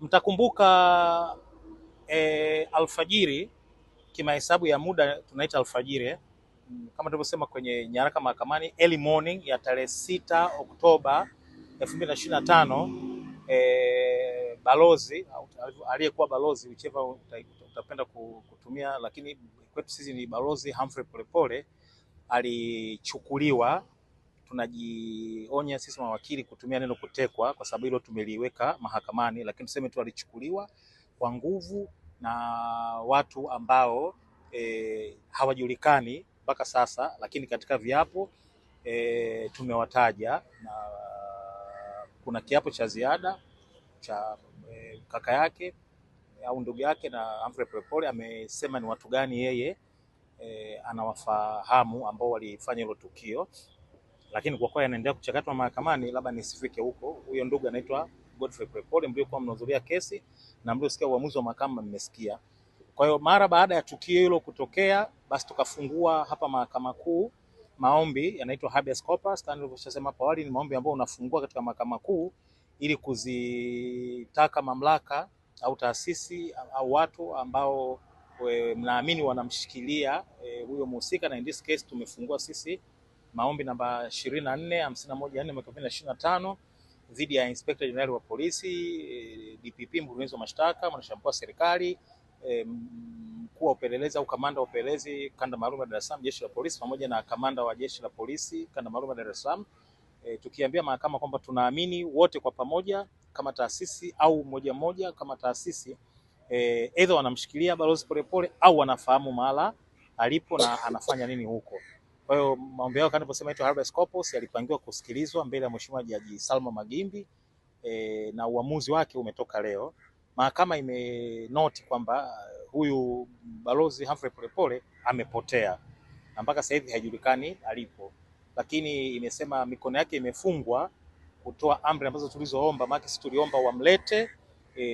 Mtakumbuka e, alfajiri kimahesabu ya muda tunaita alfajiri eh? kama tulivyosema kwenye nyaraka mahakamani, early morning ya tarehe sita Oktoba 2025 e, eh, balozi aliyekuwa balozi ucheva utapenda kutumia, lakini kwetu sisi ni balozi Humphrey Polepole alichukuliwa tunajionya sisi mawakili kutumia neno kutekwa, kwa sababu hilo tumeliweka mahakamani, lakini tuseme tu alichukuliwa kwa nguvu na watu ambao e, hawajulikani mpaka sasa, lakini katika viapo e, tumewataja na kuna kiapo cha ziada cha e, kaka yake au ndugu yake na Humphrey Polepole amesema ni watu gani yeye e, anawafahamu ambao walifanya hilo tukio lakini kwa kuwa yanaendelea kuchakatwa mahakamani, labda nisifike huko. Huyo ndugu anaitwa Godfrey Prepole, mliokuwa mnahudhuria kesi na mliosikia uamuzi wa mahakama mmesikia. Kwa hiyo mara baada ya tukio hilo kutokea, basi tukafungua hapa mahakama kuu maombi yanaitwa habeas corpus, kama nilivyosema hapo awali, ni maombi ambayo unafungua katika mahakama kuu ili kuzitaka mamlaka au taasisi au watu ambao eh, mnaamini wanamshikilia eh, huyo e, mhusika na in this case tumefungua sisi maombi namba ishirini na nne na na dhidi ya Inspekta Jenerali wa Polisi eh, DPP, mkurugenzi wa mashtaka, mwanasheria mkuu wa serikali, eh, mkuu wa upelelezi au kamanda wa upelelezi kanda maalum ya Dar es Salaam, jeshi la polisi, pamoja na kamanda wa jeshi la polisi kanda maalum ya Dar es Salaam, e, tukiambia mahakama kwamba tunaamini wote kwa pamoja kama taasisi au moja moja kama taasisi aidha, e, wanamshikilia balozi Polepole au wanafahamu mahala alipo na anafanya nini huko. Kwa hiyo maombi yao kama nilivyosema, itwa habeas corpus yalipangiwa kusikilizwa mbele ya Mheshimiwa Jaji Salma Magimbi e, na uamuzi wake umetoka leo. Mahakama imenoti kwamba uh, huyu Balozi Humphrey Polepole amepotea na mpaka sasa hivi haijulikani alipo, lakini imesema mikono yake imefungwa kutoa amri ambazo tulizoomba, maana sisi tuliomba wamlete e,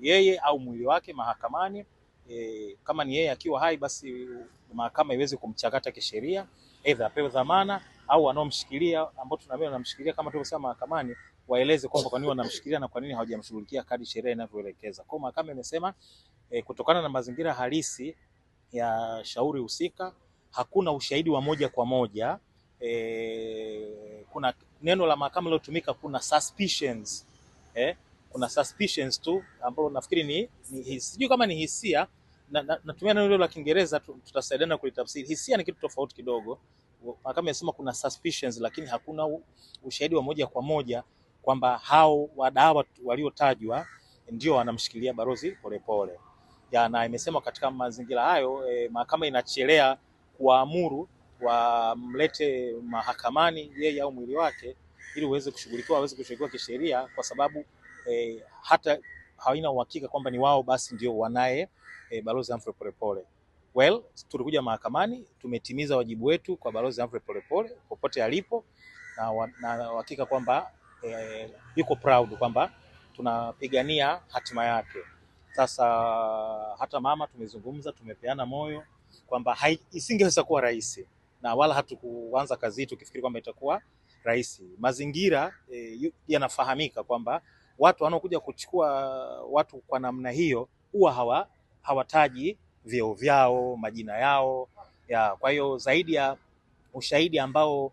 yeye au mwili wake mahakamani e, kama ni yeye akiwa hai, basi mahakama iweze kumchakata kisheria, aidha apewe dhamana au anaomshikilia ambao tunaambia wanamshikilia kama tulivyosema mahakamani waeleze kwamba kwa nini wanamshikilia na kwa nini hawajamshughulikia kadri sheria inavyoelekeza. Kwa mahakama imesema e, kutokana na mazingira halisi ya shauri husika hakuna ushahidi wa moja kwa moja e, kuna neno la mahakama lilotumika kuna suspicions. E, kuna suspicions tu ambalo nafikiri ni, ni sijui kama ni hisia natumia neno hilo la Kiingereza, tutasaidiana kulitafsiri. Hisia ni kitu tofauti kidogo. Mahakama inasema kuna suspicions, lakini hakuna ushahidi wa moja kwa moja kwamba hao wadawa waliotajwa ndio wanamshikilia Balozi Polepole ya, na imesema katika mazingira hayo eh, mahakama inachelea kuwaamuru wamlete mahakamani yeye au mwili wake ili uweze kushughulikiwa aweze kushughulikiwa kisheria kwa sababu eh, hata haina uhakika kwamba ni wao, basi ndio wanaye e, balozi Humphrey Polepole. Well, tulikuja mahakamani, tumetimiza wajibu wetu kwa balozi Humphrey Polepole popote alipo, na uhakika kwamba e, yuko proud kwamba tunapigania hatima yake. Sasa hata mama tumezungumza, tumepeana moyo kwamba isingeweza kuwa rahisi na wala hatukuanza kazi hii tukifikiri kwamba itakuwa rahisi. Mazingira e, yanafahamika kwamba watu wanaokuja kuchukua watu kwa namna hiyo huwa hawa hawataji vyeo vyao majina yao ya. Kwa hiyo zaidi ya ushahidi ambao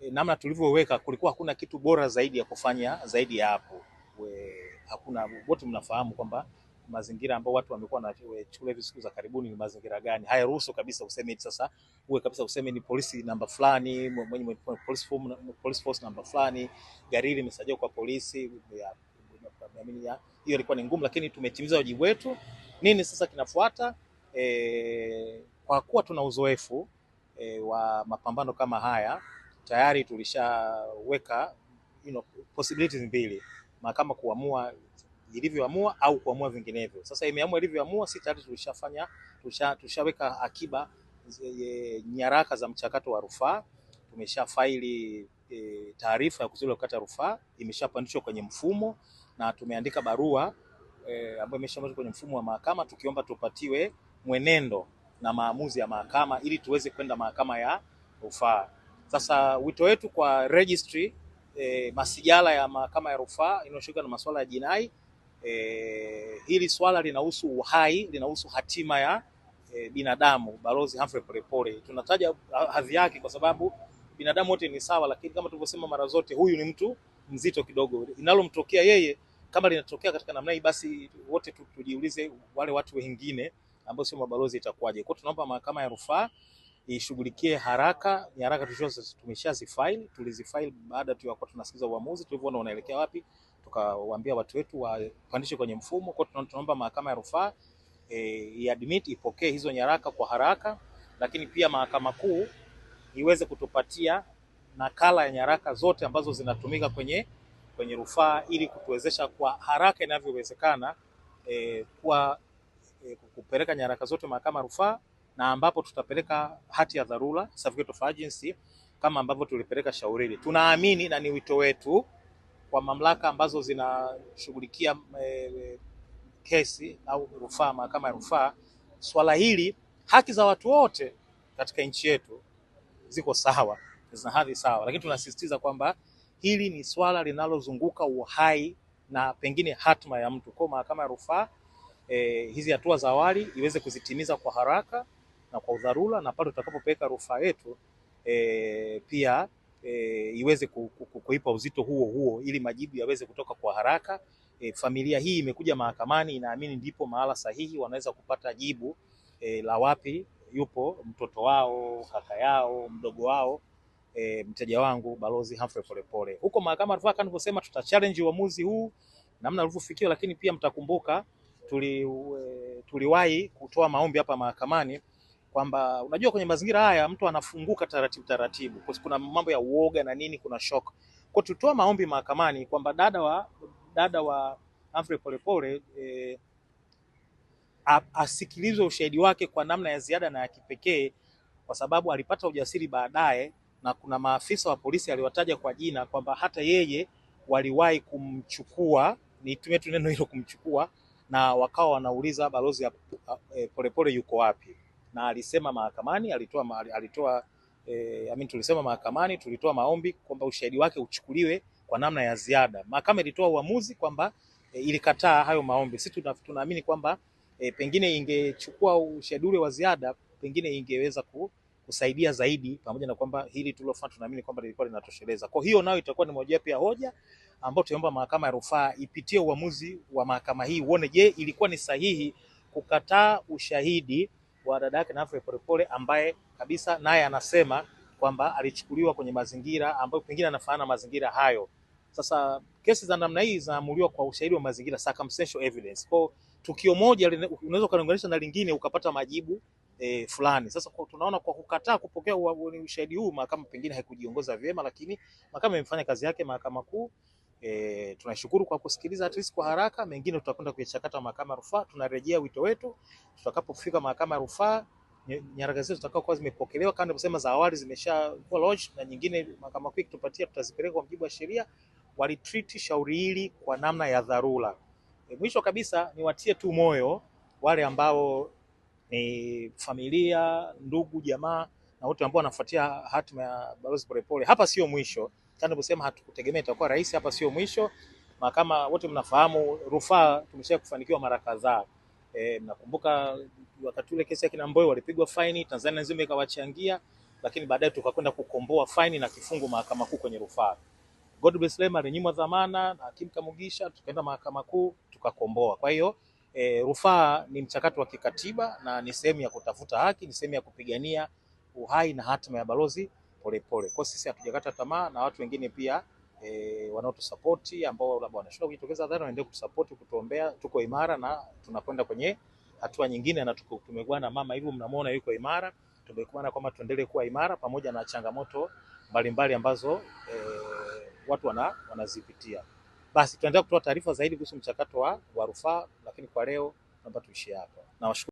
eh, namna tulivyoweka, kulikuwa hakuna kitu bora zaidi ya kufanya zaidi ya hapo. Hakuna, wote mnafahamu kwamba mazingira ambao watu wamekuwa na chukula hivi siku za karibuni ni mazingira gani, hayaruhusu kabisa useme sasa uwe kabisa useme ni polisi namba fulani, mwenye police force namba fulani, gari limesajiliwa kwa polisi ya naamini hiyo ilikuwa ni ngumu, lakini tumetimiza wajibu wetu. Nini sasa kinafuata? E, kwa kuwa tuna uzoefu e, wa mapambano kama haya tayari tulishaweka you know, possibilities mbili, mahakama kuamua ilivyoamua au kuamua vinginevyo. Sasa imeamua ilivyoamua, si tayari tulishafanya tulishaweka tulisha akiba e, e, nyaraka za mchakato wa rufaa, tumesha faili e, taarifa ya kuzuia kukata rufaa imeshapandishwa kwenye mfumo na tumeandika barua e, ambayo imeshaambazwa kwenye mfumo wa mahakama tukiomba tupatiwe mwenendo na maamuzi ya mahakama ili tuweze kwenda mahakama ya rufaa. Sasa wito wetu kwa registry e, masijala ya mahakama ya rufaa inayoshughulika na masuala ya jinai e, hili swala linahusu uhai, linahusu hatima ya e, binadamu. Balozi Humphrey Polepole, tunataja hadhi yake kwa sababu binadamu wote ni sawa, lakini kama tulivyosema mara zote, huyu ni mtu mzito kidogo, inalomtokea yeye kama linatokea katika namna hii, basi wote tujiulize, wale watu wengine ambao sio mabalozi itakuwaje? Kwa tunaomba mahakama ya rufaa ishughulikie haraka nyaraka tumeshazifaili, tulizifaili baada tu ya tunasikiza uamuzi, tulivyoona unaelekea wapi, tukawaambia watu wetu wapandishe kwenye mfumo. Kwa tunaomba mahakama ya rufaa e, iadmit ipokee hizo nyaraka kwa haraka, lakini pia mahakama kuu iweze kutupatia nakala ya nyaraka zote ambazo zinatumika kwenye kwenye rufaa ili kutuwezesha kwa haraka inavyowezekana e, kwa e, kupeleka nyaraka zote mahakama rufaa na ambapo tutapeleka hati ya dharura certificate of urgency kama ambavyo tulipeleka hili. Tunaamini na ni wito wetu kwa mamlaka ambazo zinashughulikia e, kesi au rufaa, mahakama ya rufaa, swala hili, haki za watu wote katika nchi yetu ziko sawa, zina hadhi sawa, lakini tunasisitiza kwamba hili ni swala linalozunguka uhai na pengine hatma ya mtu. Kwa mahakama ya rufaa e, hizi hatua za awali iweze kuzitimiza kwa haraka na kwa udharura, na pale tutakapopeleka rufaa yetu e, pia e, iweze kuipa uzito huo huo ili majibu yaweze kutoka kwa haraka. E, familia hii imekuja mahakamani, inaamini ndipo mahala sahihi wanaweza kupata jibu e, la wapi yupo mtoto wao, kaka yao, mdogo wao e, mteja wangu Balozi Humphrey Polepole huko mahakama rufaa nilivyosema, tuta challenge uamuzi huu namna ulivyofikiwa, lakini pia mtakumbuka tuli e, tuliwahi kutoa maombi hapa mahakamani kwamba unajua, kwenye mazingira haya mtu anafunguka taratibu taratibu, kuna mambo ya uoga na nini, kuna shock. Kwa tutoa maombi mahakamani kwamba dada wa dada wa Humphrey Polepole e, asikilizwe ushahidi wake kwa namna ya ziada na ya kipekee, kwa sababu alipata ujasiri baadaye na kuna maafisa wa polisi aliwataja kwa jina kwamba hata yeye waliwahi kumchukua, nitumie tu neno hilo kumchukua, na wakawa wanauliza balozi ya eh, Polepole yuko wapi, na alisema mahakamani, alitoa alitoa E, I mean, tulisema mahakamani, tulitoa maombi kwamba ushahidi wake uchukuliwe kwa namna ya ziada. Mahakama ilitoa uamuzi kwamba e, ilikataa hayo maombi. Sisi tunaamini kwamba e, pengine ingechukua ushahidi ule wa ziada, pengine ingeweza ku kusaidia zaidi, pamoja na kwamba hili tulilofanya tunaamini kwamba lilikuwa linatosheleza. Kwa hiyo nayo itakuwa ni mojawapo ya hoja ambayo tunaomba mahakama ya rufaa ipitie uamuzi wa mahakama hii uone, je, ilikuwa ni sahihi kukataa ushahidi wa dada yake Nafe Polepole ambaye kabisa naye anasema kwamba alichukuliwa kwenye mazingira ambayo pengine anafanana mazingira hayo. Sasa kesi za namna hii zinaamuliwa kwa ushahidi wa mazingira, circumstantial evidence. Kwa tukio moja unaweza ukaliunganisha na lingine ukapata majibu e, fulani. Sasa kwa, tunaona kwa kukataa kupokea ushahidi huu mahakama pengine haikujiongoza vyema, lakini mahakama imefanya kazi yake. Mahakama Kuu e, tunashukuru kwa kusikiliza at least kwa haraka. Mengine tutakwenda kuyachakata mahakama rufaa. Tunarejea wito wetu tutakapofika mahakama rufaa nyaraka zetu zitakao kuwa zimepokelewa kama nilivyosema, za awali zimeshakuwa lodge na nyingine mahakama kuu ikitupatia, tutazipeleka kwa mujibu wa sheria. Walitreat shauri hili kwa namna ya dharura. E, mwisho kabisa niwatie tu moyo wale ambao ni familia, ndugu, jamaa na wote ambao wanafuatia hatima ya Balozi Polepole. Hapa sio mwisho, kusema hatukutegemea itakuwa rahisi. Hapa sio mwisho. Mahakama wote mnafahamu, rufaa tumesha kufanikiwa mara kadhaa. E, mnakumbuka wakati ule kesi ya kina Mboyo walipigwa faini, Tanzania nzima ikawachangia, lakini baadaye tukakwenda kukomboa faini na kifungu mahakama kuu kwenye rufaa. Godbless Lema alinyimwa dhamana na hakimu Kamugisha, tukaenda mahakama kuu tukakomboa. Kwa hiyo E, rufaa ni mchakato wa kikatiba na ni sehemu ya kutafuta haki, ni sehemu ya kupigania uhai na hatima ya Balozi Polepole. Kwa sisi hatujakata tamaa, na watu wengine pia e, wanaotusapoti ambao labda wanashinda kujitokeza hadharani, waendelee kutusapoti, kutuombea. Tuko imara na tunakwenda kwenye hatua nyingine, na tumekuwa na mama hivi, mnamuona yuko imara. Tumekuwa na kwamba tuendelee kuwa imara pamoja na changamoto mbalimbali ambazo e, watu wana, wanazipitia. Basi tutaendelea kutoa taarifa zaidi kuhusu mchakato wa rufaa, lakini kwa leo naomba tuishie hapa. Nawashukuru.